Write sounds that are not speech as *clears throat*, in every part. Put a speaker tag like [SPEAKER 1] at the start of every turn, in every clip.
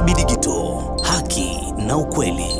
[SPEAKER 1] Kibidigito, haki na ukweli.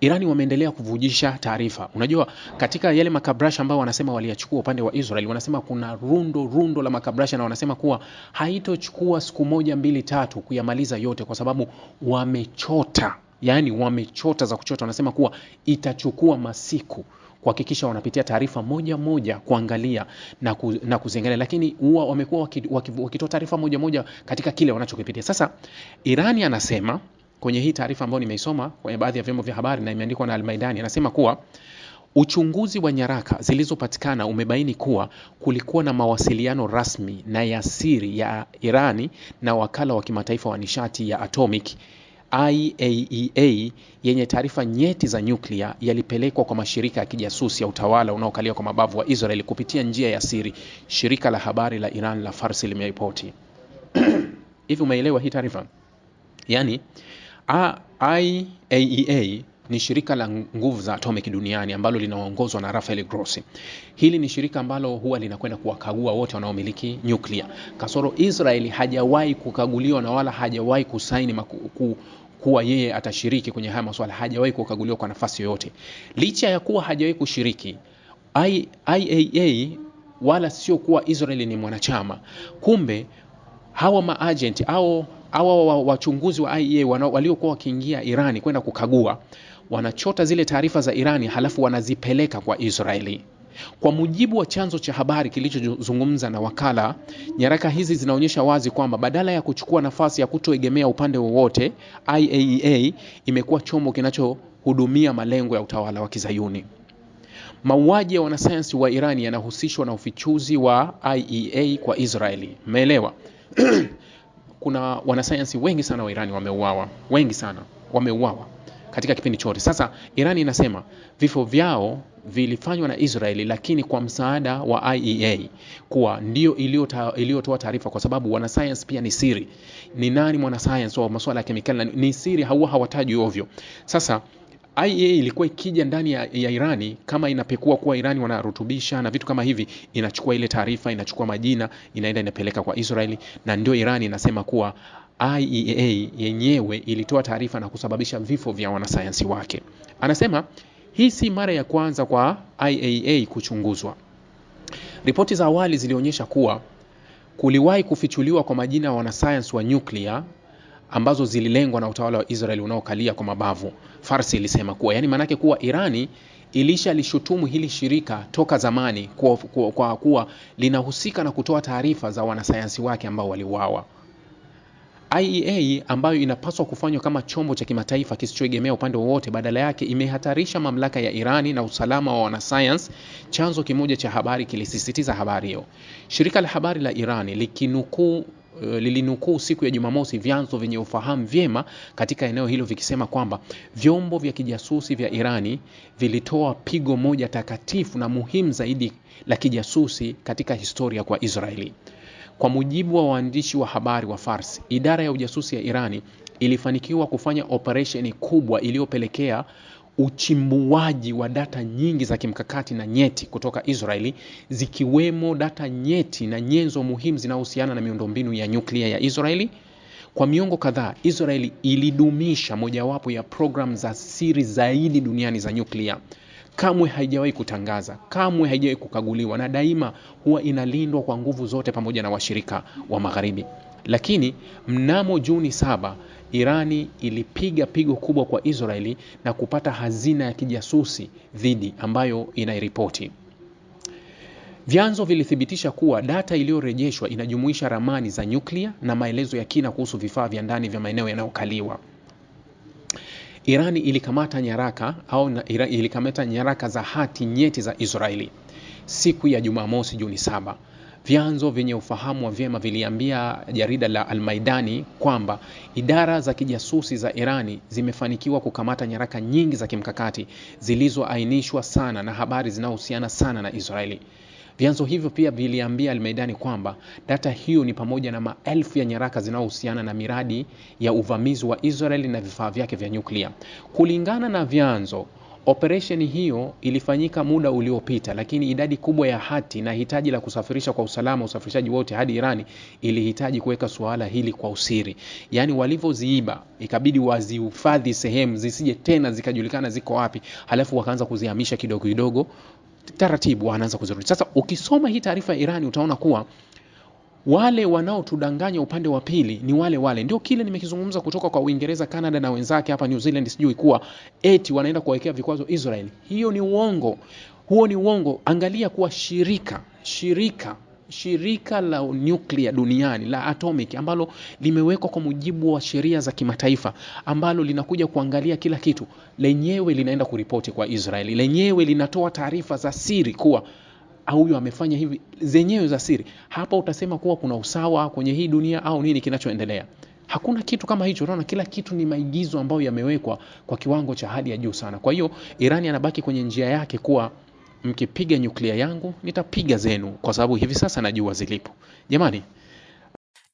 [SPEAKER 2] Irani wameendelea kuvujisha taarifa. Unajua, katika yale makabrasha ambayo wanasema waliyachukua upande wa Israel, wanasema kuna rundo rundo la makabrasha, na wanasema kuwa haitochukua siku moja mbili tatu kuyamaliza yote, kwa sababu wamechota, yaani wamechota za kuchota. Wanasema kuwa itachukua masiku kuhakikisha wanapitia taarifa moja moja kuangalia na, ku, na kuziangalia, lakini huwa wamekuwa wakitoa waki, waki taarifa moja moja katika kile wanachokipitia. Sasa Irani anasema kwenye hii taarifa ambayo nimeisoma kwenye baadhi ya vyombo vya habari na imeandikwa na Almaidani, anasema kuwa uchunguzi wa nyaraka zilizopatikana umebaini kuwa kulikuwa na mawasiliano rasmi na ya siri ya Irani na wakala wa kimataifa wa nishati ya atomic IAEA e yenye taarifa nyeti za nyuklia yalipelekwa kwa mashirika ya kijasusi ya utawala unaokalia kwa mabavu wa Israeli kupitia njia ya siri, shirika la habari la Iran la Farsi limeripoti. *clears throat* Hivi umeelewa hii taarifa? Yaani IAEA e ni shirika la nguvu za atomic duniani ambalo linaongozwa na Rafael Grossi. Hili ni shirika ambalo huwa linakwenda kuwakagua wote wanaomiliki nyuklia. Kasoro israel hajawahi kukaguliwa na wala hajawahi kusaini maku, kuwa yeye atashiriki kwenye haya masuala, hajawahi kukaguliwa kwa nafasi yoyote, licha ya kuwa hajawahi kushiriki IAEA, e wala sio kuwa Israel ni mwanachama. Kumbe hawa maagent au hawa wachunguzi wa IAEA waliokuwa wakiingia Irani kwenda kukagua wanachota zile taarifa za Irani halafu wanazipeleka kwa Israeli. Kwa mujibu wa chanzo cha habari kilichozungumza na wakala, nyaraka hizi zinaonyesha wazi kwamba badala ya kuchukua nafasi ya kutoegemea upande wowote, IAEA e imekuwa chombo kinachohudumia malengo ya utawala wa Kizayuni. Mauaji ya wanasayansi wa Irani yanahusishwa na ufichuzi wa IAEA kwa Israeli. Umeelewa? *clears throat* kuna wanasayansi wengi sana wa Irani wameuawa, wengi sana wameuawa katika kipindi chote. Sasa Irani inasema vifo vyao vilifanywa na Israeli, lakini kwa msaada wa IEA kuwa ndio iliyotoa taarifa, kwa sababu wanasayansi pia ni siri. Ni nani mwanasayansi wa masuala ya kemikali? Ni siri, hawa hawataji ovyo. Sasa IAEA ilikuwa ikija ndani ya, ya Irani kama inapekua kuwa Irani wanarutubisha na vitu kama hivi, inachukua ile taarifa, inachukua majina, inaenda inapeleka kwa Israeli, na ndio Irani inasema kuwa IAEA yenyewe ilitoa taarifa na kusababisha vifo vya wanasayansi wake. Anasema hii si mara ya kwanza kwa IAEA kuchunguzwa. Ripoti za awali zilionyesha kuwa kuliwahi kufichuliwa kwa majina ya wanasayansi wa nyuklia ambazo zililengwa na utawala wa Israel unaokalia kwa mabavu. Farsi ilisema kuwa yani, maanake kuwa Irani ilishalishutumu hili shirika toka zamani kwa kuwa, kuwa, kuwa linahusika na kutoa taarifa za wanasayansi wake ambao waliuawa. IAEA ambayo inapaswa kufanywa kama chombo cha kimataifa kisichoegemea upande wowote, badala yake imehatarisha mamlaka ya Irani na usalama wa wanasayansi. Chanzo kimoja cha habari kilisisitiza habari hiyo. Shirika la habari la Irani likinukuu Eh, lilinukuu siku ya Jumamosi vyanzo vyenye ufahamu vyema katika eneo hilo vikisema kwamba vyombo vya kijasusi vya Irani vilitoa pigo moja takatifu na muhimu zaidi la kijasusi katika historia kwa Israeli. Kwa mujibu wa waandishi wa habari wa Farsi, idara ya ujasusi ya Irani ilifanikiwa kufanya operesheni kubwa iliyopelekea uchimbuaji wa data nyingi za kimkakati na nyeti kutoka Israeli zikiwemo data nyeti na nyenzo muhimu zinazohusiana na miundombinu ya nyuklia ya Israeli. Kwa miongo kadhaa, Israeli ilidumisha mojawapo ya programu za siri zaidi duniani za nyuklia kamwe haijawahi kutangaza, kamwe haijawahi kukaguliwa, na daima huwa inalindwa kwa nguvu zote pamoja na washirika wa Magharibi. Lakini mnamo Juni saba Irani ilipiga pigo kubwa kwa Israeli na kupata hazina ya kijasusi dhidi ambayo inairipoti. Vyanzo vilithibitisha kuwa data iliyorejeshwa inajumuisha ramani za nyuklia na maelezo ya kina kuhusu vifaa vya ndani vya maeneo yanayokaliwa. Irani ilikamata nyaraka au ilikamata nyaraka za hati nyeti za Israeli siku ya Jumamosi Juni saba. Vyanzo vyenye ufahamu wa vyema viliambia jarida la Almaidani kwamba idara za kijasusi za Irani zimefanikiwa kukamata nyaraka nyingi za kimkakati zilizoainishwa sana na habari zinazohusiana sana na Israeli. Vyanzo hivyo pia viliambia Almeidani kwamba data hiyo ni pamoja na maelfu ya nyaraka zinazohusiana na miradi ya uvamizi wa Israeli na vifaa vyake vya nyuklia. Kulingana na vyanzo Operesheni hiyo ilifanyika muda uliopita, lakini idadi kubwa ya hati na hitaji la kusafirisha kwa usalama usafirishaji wote hadi Irani ilihitaji kuweka suala hili kwa usiri. Yaani walivyoziiba ikabidi wazihifadhi sehemu zisije tena zikajulikana ziko wapi, halafu wakaanza kuzihamisha kidogo kidogo taratibu wanaanza kuzirudi. Sasa ukisoma hii taarifa ya Irani utaona kuwa wale wanaotudanganya upande wa pili ni wale wale, ndio kile nimekizungumza kutoka kwa Uingereza, Canada na wenzake hapa New Zealand, sijui kuwa eti wanaenda kuwawekea vikwazo Israel. Hiyo ni uongo, huo ni uongo. Angalia kuwa shirika shirika shirika la nuclear duniani la atomic ambalo limewekwa kwa mujibu wa sheria za kimataifa ambalo linakuja kuangalia kila kitu, lenyewe linaenda kuripoti kwa Israeli, lenyewe linatoa taarifa za siri kuwa huyu amefanya hivi, zenyewe za siri. Hapa utasema kuwa kuna usawa kwenye hii dunia au nini kinachoendelea? Hakuna kitu kama hicho. Unaona, kila kitu ni maigizo ambayo yamewekwa kwa kiwango cha hali ya juu sana. Kwa hiyo Irani anabaki kwenye njia yake kuwa mkipiga nyuklia yangu nitapiga zenu, kwa sababu hivi sasa najua zilipo. Jamani,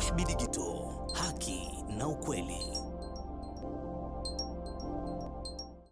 [SPEAKER 1] Rahby Digital, haki na ukweli.